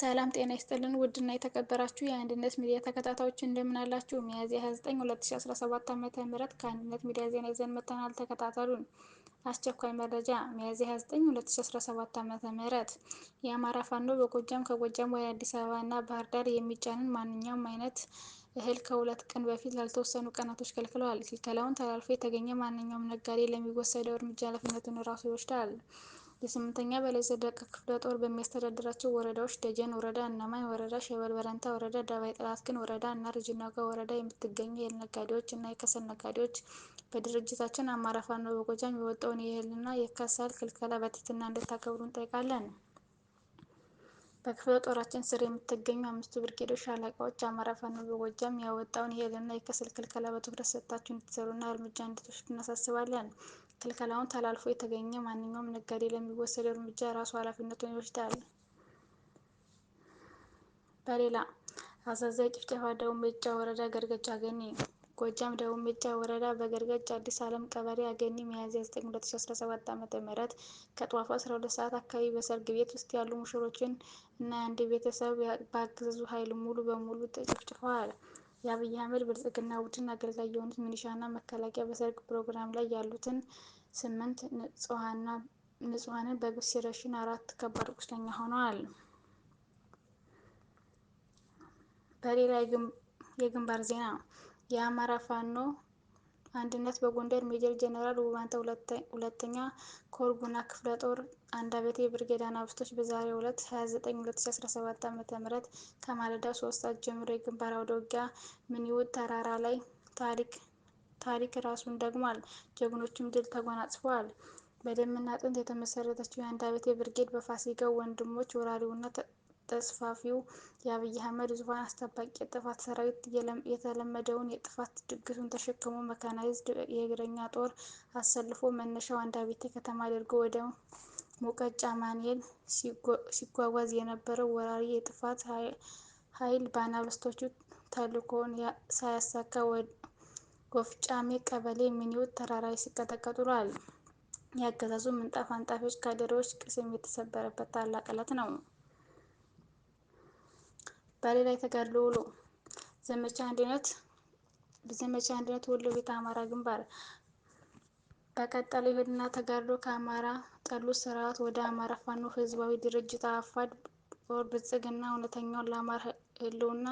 ሰላም ጤና ይስጥልን ውድና የተከበራችሁ የአንድነት ሚዲያ ተከታታዮች እንደምን አላችሁ? ሚያዝያ 29 2017 ዓ.ም ከአንድነት ሚዲያ ዜና ይዘን መጥተናል። ተከታተሉን። አስቸኳይ መረጃ ሚያዝያ 29 2017 ዓ.ም የአማራ ፋኖ በጎጃም ከጎጃም ወደ አዲስ አበባ እና ባህር ዳር የሚጫንን ማንኛውም አይነት እህል ከሁለት ቀን በፊት ላልተወሰኑ ቀናቶች ከልክለዋል። ክልከላውን ተላልፎ የተገኘ ማንኛውም ነጋዴ ለሚወሰደው እርምጃ ኃላፊነቱን ራሱ ይወስዳል። የስምንተኛ በላይ ዘለቀ ክፍለ ጦር በሚያስተዳድራቸው ወረዳዎች ደጀን ወረዳ፣ እነማኝ ወረዳ፣ ሸበል በረንታ ወረዳ፣ ዳባይ ጥላትግን ወረዳ እና ርጅናጋ ወረዳ የምትገኙ የእህል ነጋዴዎች እና የከሰል ነጋዴዎች በድርጅታችን አማራ ፋኖ በጎጃም የወጣውን የእህልና የከሰል ክልከላ በትህትና እንድታከብሩ እንጠይቃለን። በክፍለ ጦራችን ስር የምትገኙ አምስቱ ብርጌዶች ሻለቃዎች አማራ ፋኖ በጎጃም ያወጣውን የእህልና የከሰል ክልከላ በትኩረት ሰጥታችሁ እንድትሰሩና እርምጃ እንድትወስዱ እናሳስባለን። ክልከላውን ተላልፎ የተገኘ ማንኛውም ነጋዴ ለሚወሰድ እርምጃ የራሱ ኃላፊነቱን ይወስዳል። በሌላ አሳዛኝ ጭፍጨፋ ደቡብ ሜጫ ወረዳ ገርገጫ አገኒ ጎጃም ደቡብ ሜጫ ወረዳ በገርገጫ አዲስ ዓለም ቀበሌ አገኒ ሚያዝያ 9 2017 ዓ.ም ከጧቱ 12 ሰዓት አካባቢ በሰርግ ቤት ውስጥ ያሉ ሙሽሮችን እና የአንድ ቤተሰብ በአገዛዙ ኃይል ሙሉ በሙሉ ተጨፍጭፈዋል። የአብይ አህመድ ብልጽግና ቡድን አገልጋይ የሆኑት ሚኒሻና መከላከያ በሰርግ ፕሮግራም ላይ ያሉትን ስምንት ንጹሐንን በግፍ ሲረሽን አራት ከባድ ቁስለኛ ሆነዋል። በሌላ የግንባር ዜና የአማራ ፋኖ አንድነት በጎንደር ሜጀር ጀነራል ውባንተ ሁለተኛ ኮር ጉና ክፍለ ጦር አንዳቤቴ የብርጌድ አናብስቶች በዛሬው ዕለት 29/2017 ዓ.ም ከማለዳ ሶስት ሰዓት ጀምሮ የግንባር አውደ ውጊያ ተራራ ላይ ታሪክ ራሱን ደግሟል። ጀግኖቹም ድል ተጎናጽፈዋል። በደምና አጥንት የተመሰረተችው የአንዳቤቴ የብርጌድ በፋሲካው ወንድሞች ወራሪውና ተስፋፊው የአብይ አህመድ ዙፋን አስጠባቂ የጥፋት ሰራዊት የተለመደውን የጥፋት ድግሱን ተሸክሞ መካናይዝድ የእግረኛ ጦር አሰልፎ መነሻው አንዳቤቴ ከተማ አድርጎ ወደ ሙቀጫ ማንኤል ሲጓጓዝ የነበረው ወራሪ የጥፋት ኃይል በአናብስቶቹ ተልዕኮውን ሳያሳካ ወፍጫሜ ቀበሌ ሚኒውት ተራራ ሲቀጠቀጥ ውሏል። የአገዛዙ ምንጣፍ አንጣፊዎች ካድሬዎች ቅስም የተሰበረበት ታላቅ ዕለት ነው። በሌላ የተጋድሎ ውሎ ዘመቻ አንድነት በዘመቻ አንድነት ወሎ ቤት አማራ ግንባር በቀጠለው የህልና ተጋድሎ ከአማራ ጠሉ ስርዓት ወደ አማራ ፋኖ ህዝባዊ ድርጅት አፋድ ጦር ብልጽግና እውነተኛውን ለአማራ ህልውና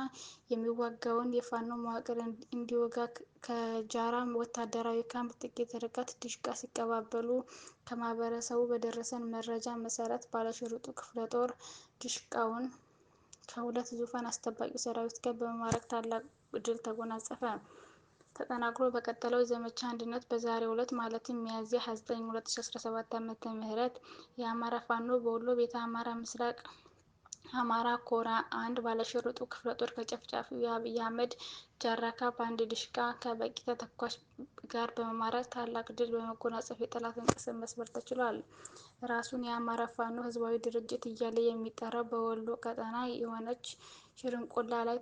የሚዋጋውን የፋኖ መዋቅር እንዲወጋ ከጃራ ወታደራዊ ካምፕ ጥቂት ርቀት ዲሽቃ ሲቀባበሉ ከማህበረሰቡ በደረሰን መረጃ መሰረት ባለሽርጡ ክፍለ ጦር ዲሽቃውን ከሁለት ዙፋን አስጠባቂ ሰራዊት ጋር በመማረክ ታላቅ ድል ተጎናጸፈ። ተጠናክሮ በቀጠለው ዘመቻ አንድነት በዛሬው ዕለት ማለትም ሚያዝያ 29 2017 ዓ.ም የአማራ ፋኖ በወሎ ቤተ አማራ ምስራቅ አማራ ኮራ አንድ ባለሽርጡ ክፍለ ጦር ከጨፍጫፊው የአብይ አህመድ ጃራካ በአንድ ድሽቃ ከበቂ ተተኳሽ ጋር በመማረክ ታላቅ ድል በመጎናጸፍ የጠላትን ቅስም መስበር ተችሏል። ራሱን የአማራ ፋኖ ህዝባዊ ድርጅት እያለ የሚጠራው በወሎ ቀጠና የሆነች ሽርንቁላ ላይ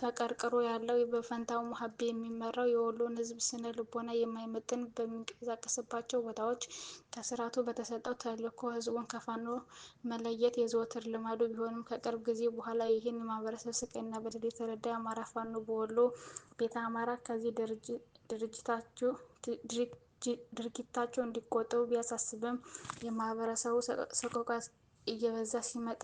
ተቀርቅሮ ያለው በፈንታው ሀቤ የሚመራው የወሎን ህዝብ ስነ ልቦና የማይመጥን በሚንቀሳቀስባቸው ቦታዎች ከስርዓቱ በተሰጠው ተልኮ ህዝቡን ከፋኖ መለየት የዘወትር ልማዱ ቢሆንም ከቅርብ ጊዜ በኋላ ይህን የማህበረሰብ ስቃይና በደል የተረዳ የአማራ ፋኖ በወሎ ቤተ አማራ ከዚህ ድርጊታቸው እንዲቆጠቡ ቢያሳስብም የማህበረሰቡ ሰቆቃ እየበዛ ሲመጣ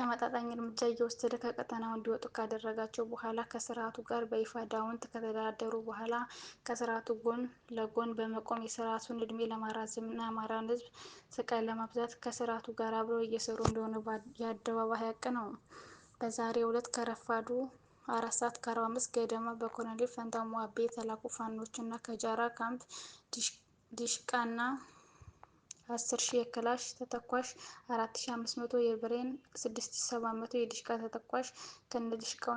ተመጣጣኝ እርምጃ እየወሰደ ከቀጠናው እንዲወጡ ካደረጋቸው በኋላ ከስርዓቱ ጋር በይፋ ዳውንት ከተደራደሩ በኋላ ከስርዓቱ ጎን ለጎን በመቆም የስርዓቱን እድሜ ለማራዘም እና የአማራን ህዝብ ስቃይ ለማብዛት ከስርዓቱ ጋር አብረው እየሰሩ እንደሆነ የአደባባይ ሀቅ ነው። በዛሬ ዕለት ከረፋዱ አራት ሰዓት ከአርባ አምስት ገደማ በኮሎኔል ፈንታው ሞአቤ የተላኩ ፋኖች እና ከጃራ ካምፕ ዲሽቃና 10 ሺህ የክላሽ ተተኳሽ፣ መቶ የብሬን፣ መቶ የዲሽቃ ተተኳሽ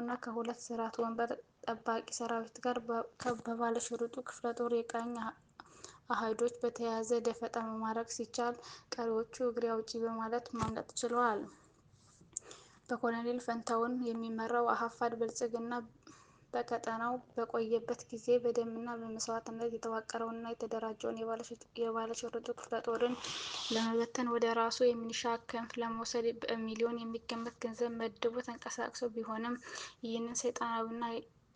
እና ከሁለት ስርዓት ወንበር ጠባቂ ሰራዊት ጋር በባለሽርጡ ክፍለ ጦር የቀኝ አህዶች በተያያዘ ደፈጣ መማረክ ሲቻል፣ ቀሪዎቹ እግሬ አውጪ በማለት ማምለጥ ችለዋል። በኮሎኔል ፈንታውን የሚመራው አሀፋድ ብልጽግና በቀጠናው በቆየበት ጊዜ በደምና በመስዋዕትነት የተዋቀረውና የተደራጀውን የባለሽርጡ ክፍለ ጦርን ለመበተን ወደ ራሱ የሚኒሻ ክንፍ ለመውሰድ በሚሊዮን የሚገመት ገንዘብ መድቦ ተንቀሳቅሶ ቢሆንም ይህንን ሰይጣናዊና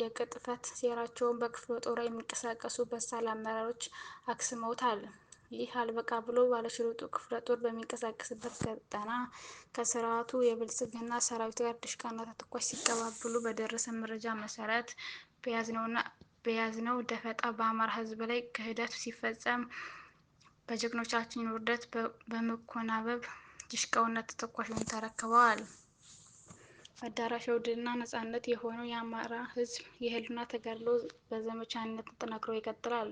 የቅጥፈት ሴራቸውን በክፍለ ጦሩ የሚንቀሳቀሱ በሳል አመራሮች አክስመውታል። ይህ አልበቃ ብሎ ባለሽርጡ ክፍለ ጦር በሚንቀሳቀስበት ቀጠና ከስርዓቱ የብልጽግና ሰራዊት ጋር ድሽቃና ተተኳሽ ሲቀባበሉ በደረሰ መረጃ መሰረት በያዝነው ደፈጣ በአማራ ህዝብ ላይ ክህደት ሲፈጸም በጀግኖቻችን ውርደት በመኮናበብ ድሽቃውና ተተኳሹን ተረክበዋል። አዳራሽ ውድድርና ነጻነት የሆነው የአማራ ሕዝብ የህልውና ተጋድሎ በዘመቻነት አንድነት ተጠናክሮ ይቀጥላል።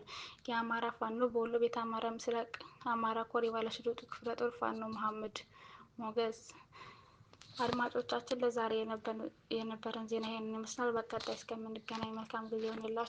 የአማራ ፋኖ በወሎ ቤት አማራ ምስራቅ አማራ ኮር የባለሽርጡ ክፍለ ጦር ፋኖ መሐመድ ሞገስ። አድማጮቻችን ለዛሬ የነበረን ዜና ይህንን ይመስላል። በቀጣይ እስከምንገናኝ መልካም ጊዜ ይሁንላችሁ።